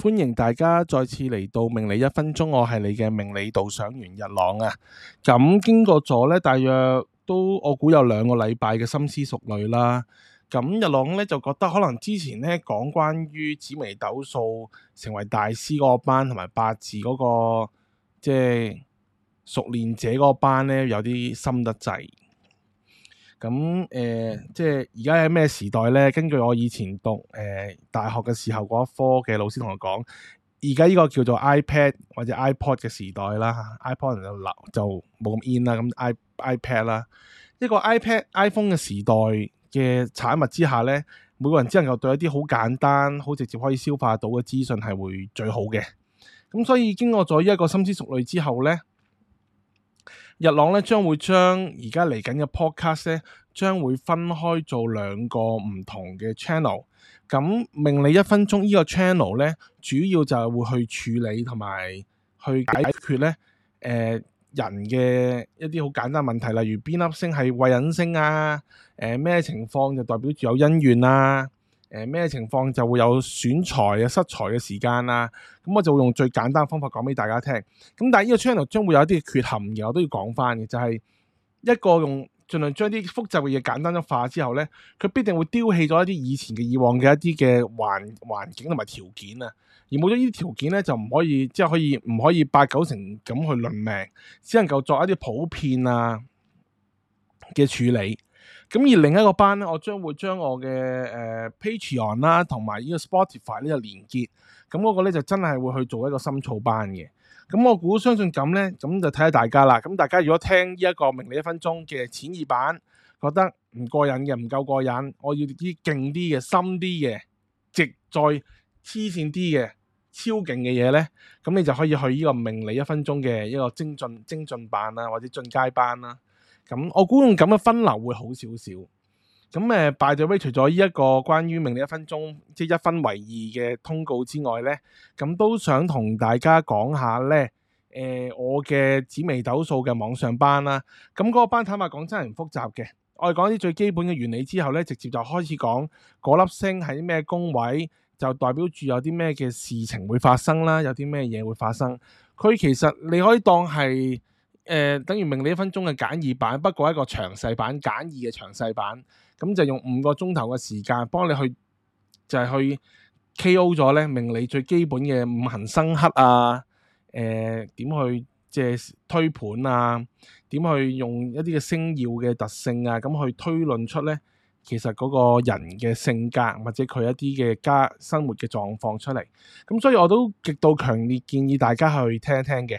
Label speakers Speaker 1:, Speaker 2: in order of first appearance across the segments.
Speaker 1: 歡迎大家再次嚟到命理一分鐘，我係你嘅命理導賞員日朗啊！咁經過咗呢，大約都我估有兩個禮拜嘅深思熟慮啦。咁日朗呢，就覺得可能之前呢講關於紫微斗數成為大師嗰班同埋八字嗰個即係熟練者嗰班呢，有啲深得滯。咁誒、呃，即係而家喺咩時代咧？根據我以前讀誒、呃、大學嘅時候嗰一科嘅老師同我講，而家呢個叫做 iPad 或者 iPod 嘅時代啦，iPod 就流就冇咁 in 啦，咁 i iPad 啦，一、呢個 iPad iPhone 嘅時代嘅產物之下咧，每個人只能夠對一啲好簡單、好直接可以消化到嘅資訊係會最好嘅。咁所以經過咗呢一個深思熟慮之後咧。日朗咧將會將而家嚟緊嘅 podcast 咧，將會分開做兩個唔同嘅 channel。咁命理一分鐘呢個 channel 咧，主要就係會去處理同埋去解決咧，誒人嘅一啲好簡單問題，例如邊粒星係慧忍星啊，誒、呃、咩情況就代表住有姻緣啊。誒咩、呃、情況就會有損財、啊、失財嘅時間啦，咁我就會用最簡單方法講俾大家聽。咁但係呢個 channel 將會有一啲嘅缺陷，然後我都要講翻嘅，就係、是、一個用盡量將啲複雜嘅嘢簡單咗化之後呢，佢必定會丟棄咗一啲以前嘅以往嘅一啲嘅環環境同埋條件啊，而冇咗呢啲條件呢，就唔可以即係可以唔可以八九成咁去論命，只能夠作一啲普遍啊嘅處理。咁而另一個班咧，我將會將我嘅誒、呃、Patreon 啦、啊，同埋呢個 Spotify 呢個連結，咁嗰個咧就真係會去做一個深造班嘅。咁我估相信咁咧，咁就睇下大家啦。咁大家如果聽呢、這、一個命理一分鐘嘅淺易版，覺得唔過癮嘅，唔夠過癮，我要啲勁啲嘅、深啲嘅、直再黐線啲嘅、超勁嘅嘢咧，咁你就可以去呢、這個命理一分鐘嘅一個精進精進版啦、啊，或者進階班啦、啊。咁、嗯、我估用咁嘅分流會好少少。咁、嗯、誒，by the way 除咗呢一個關於命理一分鐘，即、就、係、是、一分為二嘅通告之外呢，咁、嗯、都想同大家講下呢。誒、呃，我嘅紫微斗數嘅網上班啦、啊。咁、嗯、嗰、那個班坦白講真係唔複雜嘅。我哋講啲最基本嘅原理之後呢，直接就開始講嗰粒星喺咩宮位，就代表住有啲咩嘅事情會發生啦，有啲咩嘢會發生。佢其實你可以當係。誒、呃，等於命理一分鐘嘅簡易版，不過一個詳細版簡易嘅詳細版，咁就用五個鐘頭嘅時間幫你去，就係、是、去 KO 咗咧命理最基本嘅五行生克啊，誒、呃、點去即係推盤啊，點去用一啲嘅星曜嘅特性啊，咁去推論出咧其實嗰個人嘅性格或者佢一啲嘅家生活嘅狀況出嚟，咁所以我都極度強烈建議大家去聽一聽嘅。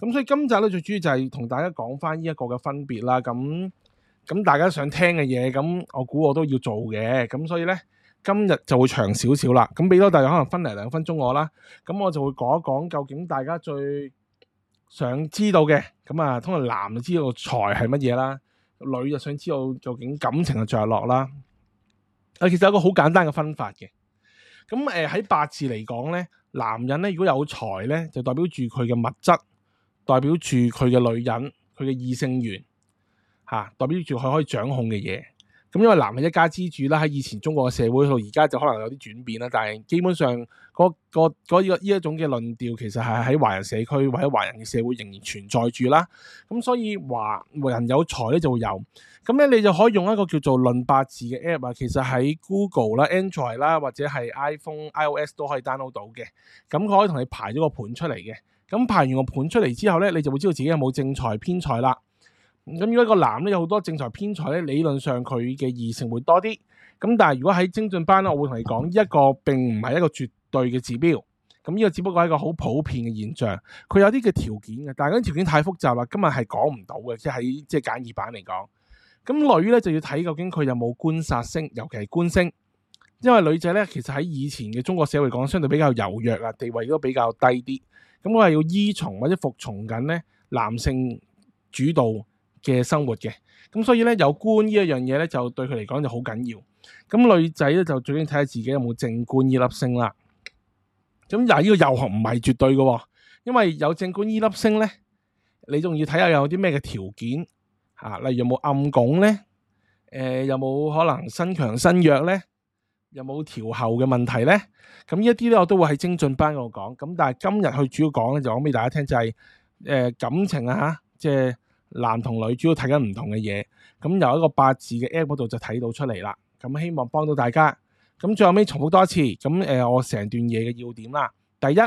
Speaker 1: 咁所以今集咧，最主要就係同大家講翻呢一個嘅分別啦，咁咁大家想聽嘅嘢，咁我估我都要做嘅，咁所以咧今日就會長少少啦，咁俾多大家可能分嚟兩分鐘我啦，咁我就會講一講究竟大家最想知道嘅，咁啊，通常男就知道財係乜嘢啦，女就想知道究竟感情嘅着落啦，啊，其實有個好簡單嘅分法嘅，咁誒喺八字嚟講咧，男人咧如果有財咧，就代表住佢嘅物質。代表住佢嘅女人，佢嘅異性緣，吓、啊，代表住佢可以掌控嘅嘢。咁因為男係一家之主啦，喺以前中國嘅社會度，而家就可能有啲轉變啦。但係基本上嗰個嗰一種嘅論調，其實係喺華人社區或者華人嘅社會仍然存在住啦。咁、嗯、所以華人有財咧就會有。咁、嗯、咧你就可以用一個叫做論八字嘅 app 啊，其實喺 Google 啦、Android 啦或者係 iPhone、iOS 都可以 download 到嘅。咁、嗯、佢可以同你排咗個盤出嚟嘅。咁、嗯、排完個盤出嚟之後咧，你就會知道自己有冇正財偏財啦。咁如果一個男咧有好多正財偏財咧，理論上佢嘅異性會多啲。咁但係如果喺精進班咧，我會同你講，一個並唔係一個絕對嘅指標。咁呢個只不過係一個好普遍嘅現象。佢有啲嘅條件嘅，但係嗰啲條件太複雜啦，今日係講唔到嘅，即係喺即係簡易版嚟講。咁女咧就要睇究竟佢有冇官殺星，尤其係官星，因為女仔咧其實喺以前嘅中國社會講相對比較柔弱啊，地位都比較低啲。咁我係要依從或者服從緊咧男性主導。嘅生活嘅，咁所以咧有官呢一樣嘢咧就對佢嚟講就好緊要。咁女仔咧就最緊睇下自己有冇正官呢粒星啦。咁，嗱，呢個又唔係絕對嘅，因為有正官呢粒星咧，你仲要睇下有啲咩嘅條件吓，例如有冇暗拱咧，誒，有冇可能身強身弱咧，有冇調候嘅問題咧？咁呢一啲咧我都會喺精進班嗰度講。咁但係今日佢主要講咧就講俾大家聽就係，誒，感情啊吓，即係。男同女主要睇緊唔同嘅嘢，咁由一個八字嘅 app 度就睇到出嚟啦。咁希望幫到大家。咁最後尾重複多次，咁誒，我成段嘢嘅要點啦。第一，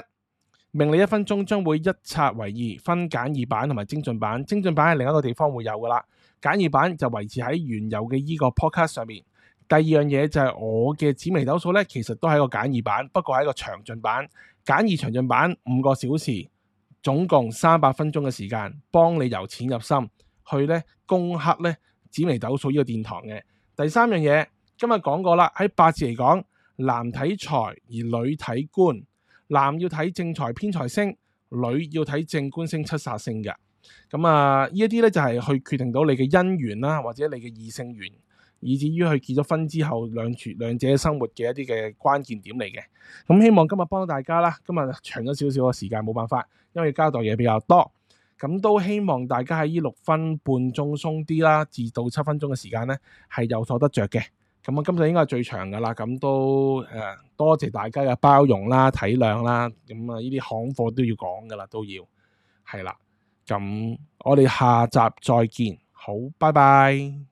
Speaker 1: 命理一分鐘將會一拆為二，分簡易版同埋精進版。精進版喺另一個地方會有噶啦，簡易版就維持喺原有嘅依個 podcast 上面。第二樣嘢就係我嘅紫微斗數呢，其實都係一個簡易版，不過係一個詳盡版。簡易詳盡版五個小時。總共三百分鐘嘅時間，幫你由淺入深去咧攻克咧紫微斗數呢個殿堂嘅。第三樣嘢，今日講過啦，喺八字嚟講，男睇財而女睇官，男要睇正財偏財星，女要睇正官星、七煞星嘅。咁啊，呢一啲咧就係去決定到你嘅姻緣啦，或者你嘅異性緣。以至於佢結咗婚之後，兩住兩者生活嘅一啲嘅關鍵點嚟嘅。咁希望今日幫到大家啦。今日長咗少少嘅時間，冇辦法，因為交代嘢比較多。咁都希望大家喺呢六分半鐘鬆啲啦，至到七分鐘嘅時間呢係有所得着嘅。咁啊，今日應該係最長噶啦。咁都誒，多謝大家嘅包容啦、體諒啦。咁啊，呢啲行貨都要講噶啦，都要係啦。咁我哋下集再見。好，拜拜。